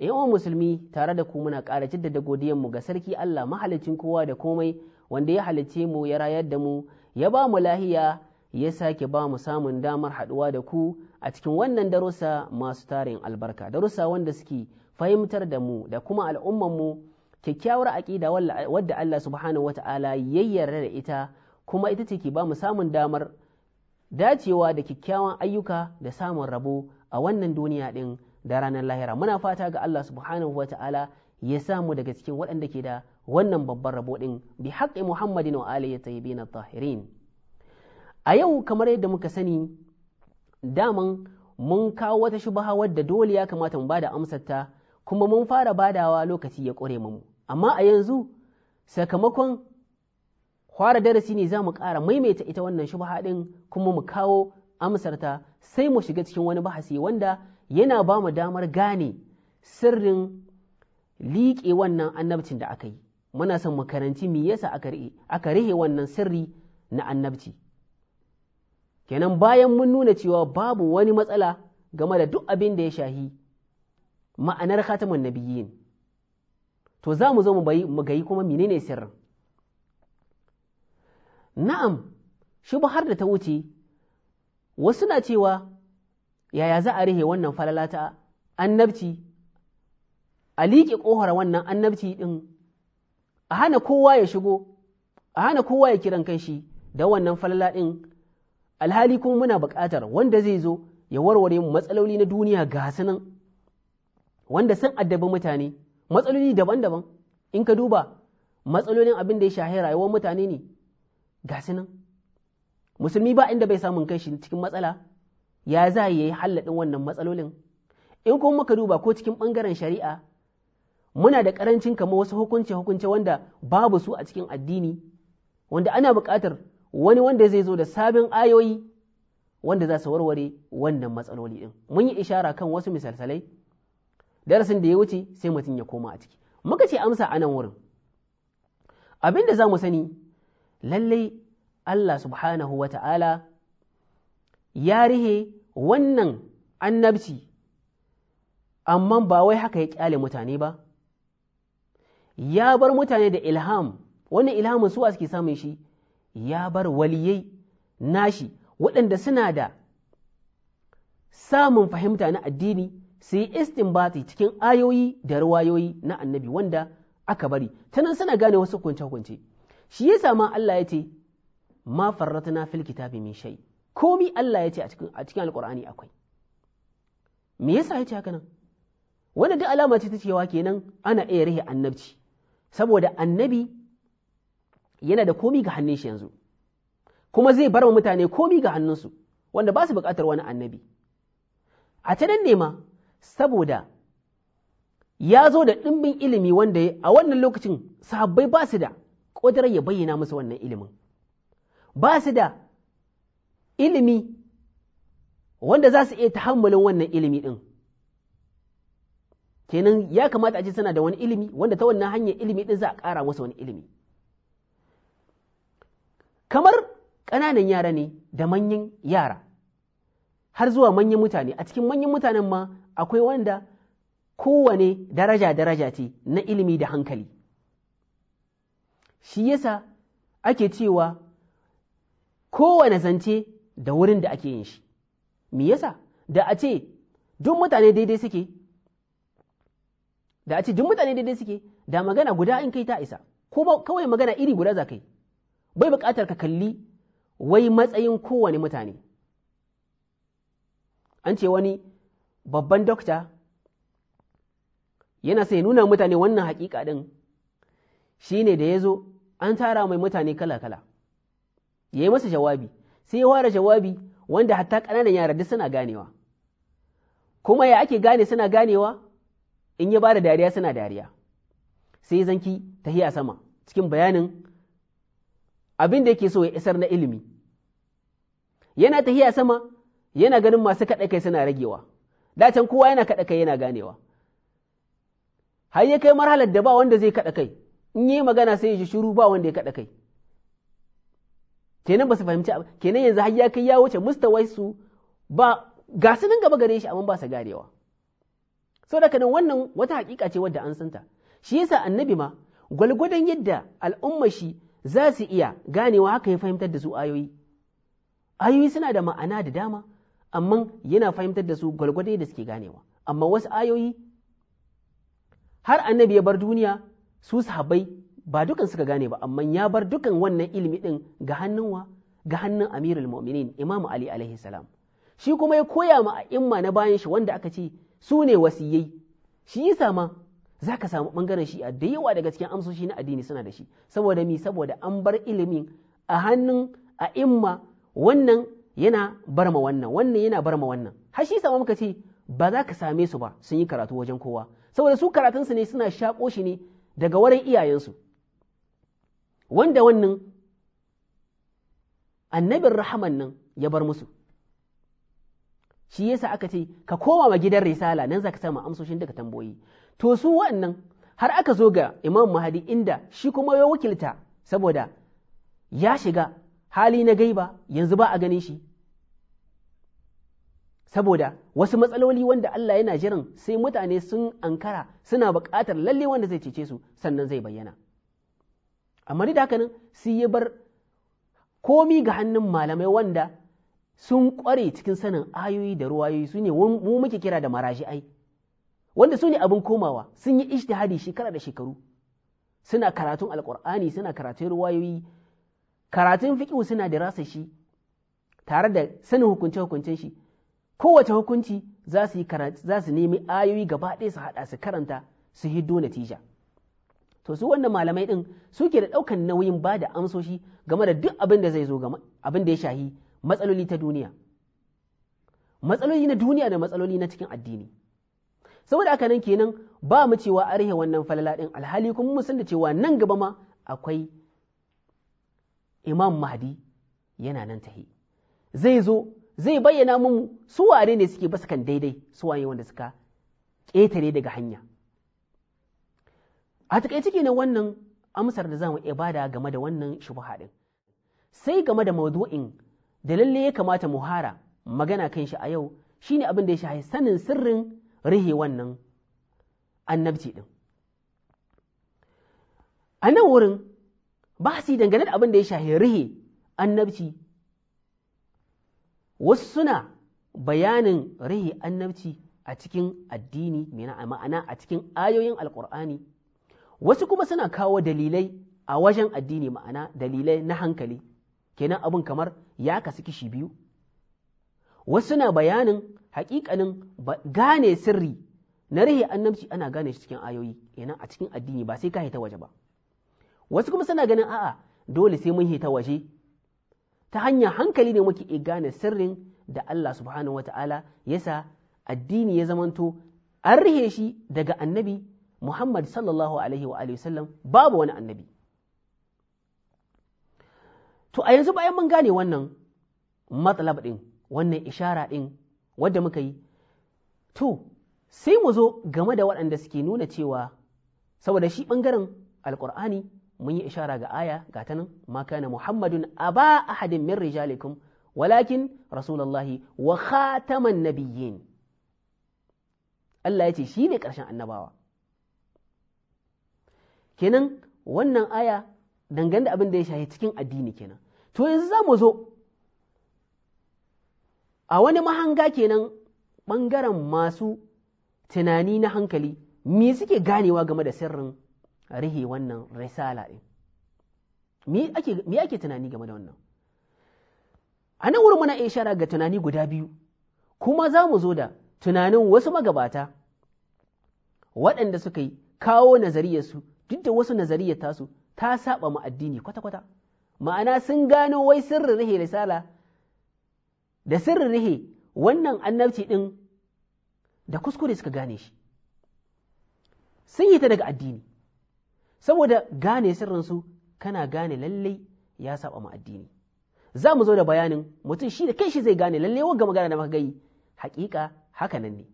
yawan eh, musulmi tare da ku muna ƙara jaddada godiyanmu ga sarki Allah mahalicin kowa da komai wanda ya halicce mu ya rayar da mu ya ba mu lahiya ya sake ba mu samun damar haɗuwa da ku a cikin wannan darussa masu tarin albarka darussa wanda suke fahimtar da mu da kuma mu kyakkyawar aƙida wadda Allah subhanahu wata'ala ya yarda da ita kuma ita ce ke ba mu samun damar dacewa da kyakkyawan ayyuka da samun rabo a wannan duniya ɗin da ranar lahira muna fata ga Allah subhanahu wa ta'ala ya samu daga cikin waɗanda ke da wannan babban rabo ɗin bi haƙƙi Muhammadin wa alihi tayyibin tahirin a yau kamar yadda muka sani daman mun kawo wata shubaha wadda dole ya kamata mu bada amsarta. kuma mun fara badawa lokaci ya ƙure mu amma a yanzu sakamakon fara darasi ne za mu ƙara maimaita ita wannan shubha ɗin kuma mu kawo amsarta sai mu shiga cikin wani bahasi wanda yana ba mu damar gane sirrin liƙe wannan annabcin da aka yi muna son mu karanci me yasa aka rihe wannan sirri na annabci kenan bayan mun nuna cewa babu wani matsala game da duk abin da ya shahi ma'anar khatamun nabiyyin to za mu zo mu gayi kuma menene sirrin na'am shi shubhar da ta wuce wasu na cewa yaya za a rihe wannan falala ta annabci a liƙe ƙohar wannan annabci ɗin a hana kowa ya shigo a hana kowa ya kiran kai shi da wannan falala ɗin alhali kuma muna buƙatar wanda zai zo ya warware mu matsaloli na duniya ga sanan wanda sun addabi mutane matsaloli daban-daban in ka duba matsalolin abin da ya shahe rayuwar mutane ne ga sanan musulmi ba inda bai samun kai shi cikin matsala ya za ya yi halladin wannan matsalolin in kuma muka duba ko cikin ɓangaren shari'a muna da ƙarancin kamar wasu hukunce hukunce wanda babu su a cikin addini wanda ana buƙatar wani wanda zai zo da sabin ayoyi wanda za su warware wannan matsaloli ɗin mun yi ishara kan wasu misalsalai darasin da ya wuce sai mutum ya koma a ciki muka ce amsa a nan wurin abin da za mu sani lallai Allah subhanahu wa ta'ala ya rihe wannan annabci amma ba wai haka ya kyale mutane ba ya bar mutane da ilham wannan ilhamin suwa suke samun shi ya bar waliyai nashi waɗanda suna da samun fahimta na addini su yi istinbati cikin ayoyi da ruwayoyi na annabi wanda aka bari ta nan suna gane wasu hukunce-hukunce shi ya ma Allah ya ce ma na fil kitabi min shai. komi Allah ya ce a cikin alkur'ani akwai me yasa ya ce haka nan wanda duk alama ce ta cewa kenan ana iya rihe annabci saboda annabi yana da komi ga hannun shi yanzu kuma zai bar mutane komi ga hannunsu wanda ba su buƙatar wani annabi a ta nan ne ma saboda ya zo da ɗimbin ilimi wanda a wannan lokacin sahabbai ba su da ƙudurar ya bayyana musu wannan ilimin ba su da ilimi wanda za su iya tahammulin wannan ilimi ɗin kenan ya kamata a ce suna da wani ilimi wanda ta wannan hanyar ilimi ɗin za a ƙara masa wani ilimi kamar ƙananan yara ne da manyan yara har zuwa manyan mutane a cikin manyan mutanen ma akwai wanda kowane daraja-daraja ce na ilimi da hankali shi yasa ake cewa kowane zance da wurin da ake yin shi me yasa da a ce duk mutane daidai suke da a ce duk mutane daidai suke da magana guda in kai ta isa ko kawai magana iri guda za kai bai buƙatar ka kalli wai matsayin kowane mutane an ce wani babban dokta yana sai nuna mutane wannan haƙiƙa ɗin shi ne da ya zo an tara mai mutane kala-kala ya yi masa jawabi sai ya fara jawabi wanda hatta ƙananan yara duk suna ganewa kuma ya ake gane suna ganewa in ya bada dariya suna dariya sai zanki tahiya sama cikin bayanin abin da yake so ya isar na ilimi yana a sama yana ganin masu kaɗa kai suna ragewa dacan kowa yana kaɗa kai yana ganewa har ya kai marhalar da ba wanda zai kaɗa kai in yi magana sai ya ji shiru ba wanda ya kaɗa kai kenan ba su fahimci kenan yanzu har ya kai ya wuce mustawai su ba ga su gaba gare shi amma ba su garewa saboda nan wannan wata hakika ce wadda an santa shi yasa annabi ma gwalgwadon yadda al'umma shi za su iya ganewa haka ya fahimtar da su ayoyi ayoyi suna da ma'ana da dama amma yana fahimtar da su gwalgwadon yadda suke ganewa amma wasu ayoyi har annabi ya bar duniya su sahabbai ba dukan suka gane ba amma ya bar dukan wannan ilimi din ga hannunwa ga hannun amirul mu'minin imamu ali alaihi salam shi kuma ya koya ma a imma na bayan shi wanda aka ce su ne wasiyai shi yasa ma za ka samu bangaren shi a da yawa daga cikin amsoshi na addini suna da shi saboda mi saboda an bar ilimin a hannun a imma wannan yana barma wannan wannan yana barma wannan har shi sama muka ce ba za ka same su ba sun yi karatu wajen kowa saboda su karatunsu ne suna shaƙo shi ne daga wurin iyayensu wanda wannan annabin rahaman nan ya bar musu shi yasa aka ce ka koma ma gidan risala nan zaka samu amsoshin daga tamboyi to su wa'annan har aka zo ga imam mahadi inda shi kuma ya wakilta saboda ya shiga hali na gaiba yanzu ba a ganin shi saboda wasu matsaloli wanda Allah yana jiran sai mutane sun ankara suna buƙatar lalle wanda zai cece su sannan zai bayyana amma ni da haka nan sai ya bar komi ga hannun malamai wanda sun ƙware cikin sanin ayoyi da ruwayoyi su ne mu muke kira da maraji'ai ai wanda su ne abin komawa sun yi hadi shekara da shekaru suna karatun alƙur'ani suna karatun ruwayoyi karatun fiƙihu suna da rasa shi tare da sanin hukunce-hukuncen shi kowace hukunci za su nemi ayoyi gaba ɗaya su haɗa su karanta su hiddo natija to su wannan malamai din suke da daukan nauyin ba da amsoshi game da duk abin da zai zo game abin da ya shahi matsaloli ta duniya matsaloli na duniya da matsaloli na cikin addini saboda haka nan kenan ba mu cewa a rahe wannan falala din alhali kuma mun san da cewa nan gaba ma akwai imam mahdi yana nan tahi zai zo zai bayyana mun su ware ne suke basu daidai su waye wanda suka ƙetare daga hanya a takaice kenan wannan amsar da zamu iya bada game da wannan shubha din sai game da mawdu'in da lalle ya kamata mu hara magana kan shi a yau shine abin da ya shahi sanin sirrin rihe wannan annabci din a nan wurin ba su dangane da abin da ya shahi rihe annabci wasu suna bayanin rihe annabci a cikin addini ma'ana a cikin ayoyin alkur'ani wasu kuma suna kawo dalilai a wajen addini ma'ana dalilai na hankali kenan abin kamar ya kasu kishi biyu wasu suna bayanin hakikanin gane sirri na rahi annabci ana gane shi cikin ayoyi kenan a cikin addini ba sai ka hita waje ba wasu kuma suna ganin a'a dole sai mun hita waje ta hanyar hankali ne muke gane sirrin da Allah subhanahu wata'ala yasa addini ya zamanto an rihe shi daga annabi Muhammad sallallahu alaihi wa alihi sallam babu wani annabi to a yanzu bayan mun gane wannan matsalab din wannan ishara din wadda muka yi to sai mu zo game da waɗanda suke nuna cewa saboda shi ɓangaren alƙur'ani mun yi ishara ga aya ga ta nan ma kana muhammadun aba ahadin min rijalikum walakin rasulullahi wa khataman nabiyyin Allah ya ce shi ne ƙarshen annabawa kenan wannan aya dangane da abin da ya shahi cikin addini kenan to yanzu za mu zo a wani mahanga kenan ɓangaren masu tunani na hankali me suke ganewa game da sirrin rihe wannan risala ɗin me ake tunani game da wannan a nan wurin muna ishara ga tunani guda biyu kuma za mu zo da tunanin wasu magabata waɗanda suka yi kawo nazariyarsu duk da wasu nazariyar tasu ta saba ma addini kwata-kwata ma'ana sun gano wai sirrin rihe risala da sirrin rihe wannan annabci ɗin da kuskure suka gane shi sun yi ta daga addini saboda gane sirrinsu kana gane lallai ya saba ma addini za mu zo da bayanin mutum shi da kai shi zai gane lallai wagga magana da maka gai. hakika haka nan ne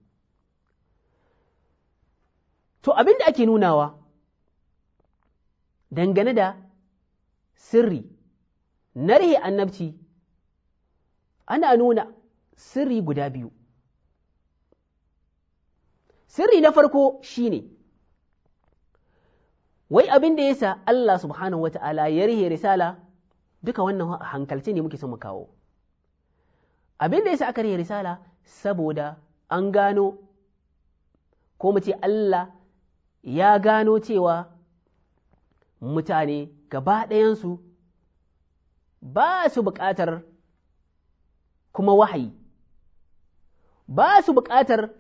to abin da ake nunawa dangane da sirri na rihe annabci ana nuna sirri guda biyu sirri na farko shine wai abin da yasa Allah subhanahu wata'ala ya rihe risala duka wannan hankalce ne muke son mu kawo abin da yasa aka rihe risala saboda an gano ko mu ce Allah ya gano cewa mutane gaba ɗayansu ba su buƙatar kuma wahayi, ba su buƙatar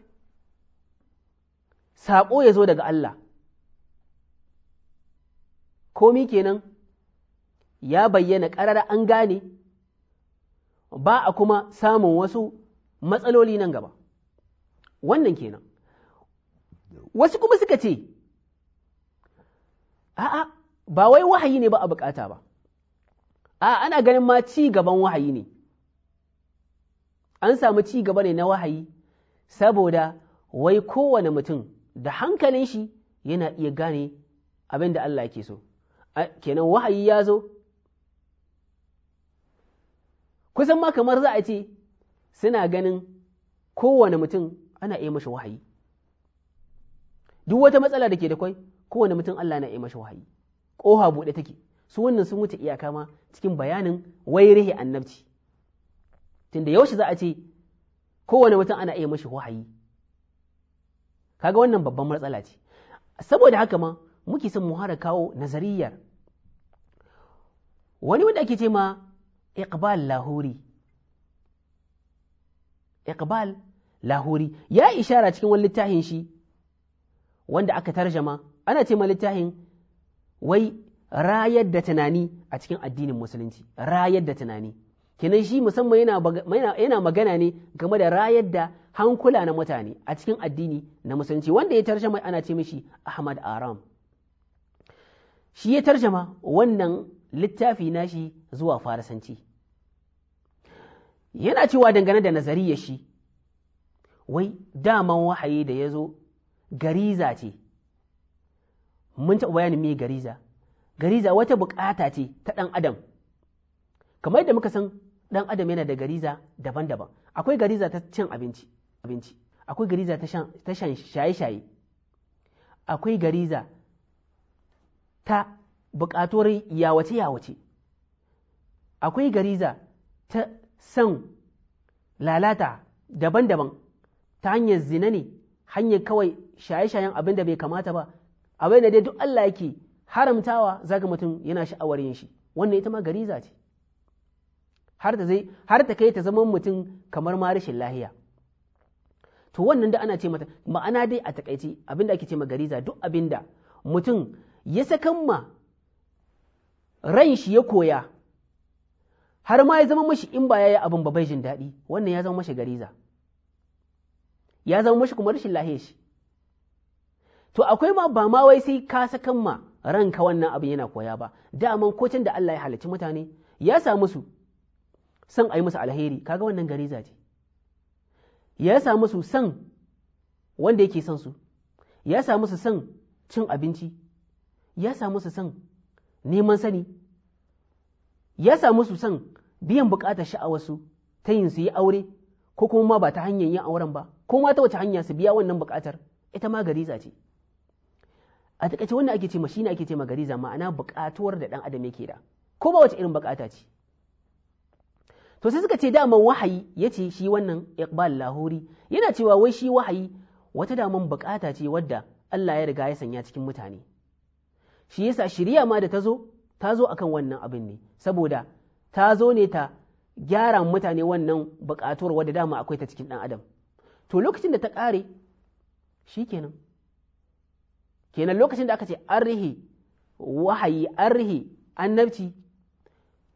saƙo ya zo daga Allah, komi kenan ya bayyana ƙarar an gane ba a kuma samun wasu matsaloli nan gaba, wannan kenan. Wasu kuma suka ce, a'a, ba wai wahayi ne ba a bukata ba a ana ganin ma ci gaban wahayi ne an samu ci gaba ne na wahayi saboda wai kowane mutum da hankalin shi yana iya gane abin da Allah yake so kenan wahayi ya zo kusan ma kamar za a ce suna ganin kowane mutum ana iya masa wahayi duk wata matsala da ke da kwai kowane mutum Allah na iya masa wahayi ƙoha buɗe take su wannan sun wuce iyaka ma cikin bayanin wai rihe annabci tunda yaushe za a ce kowane mutum ana iya mashi wahayi kaga wannan babban matsala ce saboda haka ma muke son muhara kawo nazariyar wani wanda ake ce ma iqbal lahuri iqbal lahuri ya ishara cikin wani littafin shi wanda aka tarjama ana ce ma littafin wai rayar da tunani a cikin addinin musulunci rayar da tunani kenan shi musamman yana magana ne game da rayar da hankula na mutane a cikin addini na musulunci wanda ya tarjama ana ce mishi Ahmad Aram shi ya tarjama wannan littafi nashi zuwa farisanci yana cewa dangane da nazariya shi wai dama wahayi da ya zo gariza ce mun taɓa bayanin me gariza gariza wata bukata ce ta ɗan adam kamar yadda muka san ɗan adam yana da gariza daban-daban akwai gariza ta cin abinci akwai gariza ta shan shaye-shaye akwai gariza ta bukatuwar yawace-yawace akwai gariza ta san lalata daban-daban ta hanyar zina ne hanyar kawai shaye-shayen abin da bai kamata ba abin da dai duk Allah yake haramtawa zaga mutum yana sha'awar yin shi wannan ita ma gariza ce har ta kai ta zama mutum kamar ma rashin lahiya to wannan da ana ce mata ma'ana dai a takaice abinda ake ce ma gariza duk abinda mutum ya sakan ma ran shi ya koya har ma ya zama mashi in ba ya yi abin ba bai jin daɗi wannan ya zama mashi gariza ya zama mashi kuma rashin lahiya shi to akwai ma ba ma wai sai ka sakan ma ranka wannan abin yana koya ba daman ko can da Allah ya halarci mutane ya sa musu san a musu alheri kaga wannan gariza ce ya sa musu san wanda yake son su ya sa musu san cin abinci ya sa musu san neman sani ya sa musu san biyan bukatar sha'awarsu ta yin su yi aure ko kuma ba ta hanyar yin auren ba ko ma ta wace hanya su biya wannan bukatar ita ma gariza ce a takaice wannan ake ce ma ake ce ma ma'ana buƙatuwar da ɗan adam yake da ko ba wace irin buƙata ce to sai suka ce daman wahayi ya ce shi wannan iqbal lahori yana cewa wai shi wahayi wata daman buƙata ce wadda Allah ya riga ya sanya cikin mutane shi yasa shiriya ma da ta zo ta zo akan wannan abin ne saboda ta zo ne ta gyara mutane wannan buƙatuwar wadda dama akwai ta cikin ɗan adam to lokacin da ta ƙare shikenan kenan lokacin da aka ce an wahayi an an annabci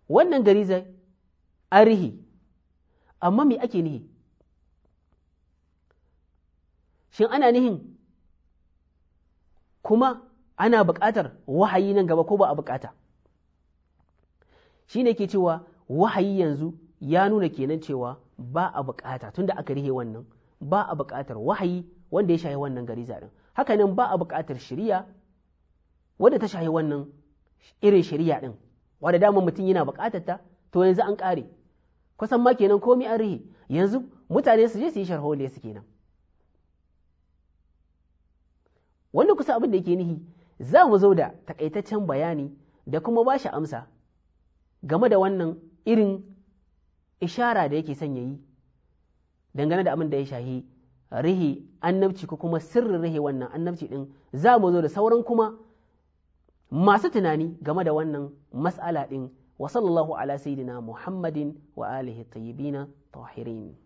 wannan gari zai an rihi amma me ake nihi shin ana nihin kuma ana buƙatar wahayi nan gaba ko ba a buƙata shi ne ke cewa wahayi yanzu ya nuna kenan cewa ba a buƙata tunda aka rihe wannan ba a buƙatar wahayi wanda ya shaye wannan gari zaɗin hakanan ba a buƙatar shari'a wadda ta shahi wannan irin shari'a ɗin wadda dama mutum yana buƙatar ta to yanzu an ƙare kusan ma kenan komi an rihe yanzu mutane su je su yi sharholiya su kenan wannan kusa abin da yake nihi za mu zo da takaitaccen bayani da kuma ba shi amsa game da wannan irin ishara da yake son ya yi dangane da abin da ya shahi rihi annabci ko kuma sirrin rihi wannan annabci ɗin za mu zo da sauran kuma masu tunani game da wannan mas'ala ɗin wa sallallahu ala sayyidina muhammadin wa alihi tayyibina tahirin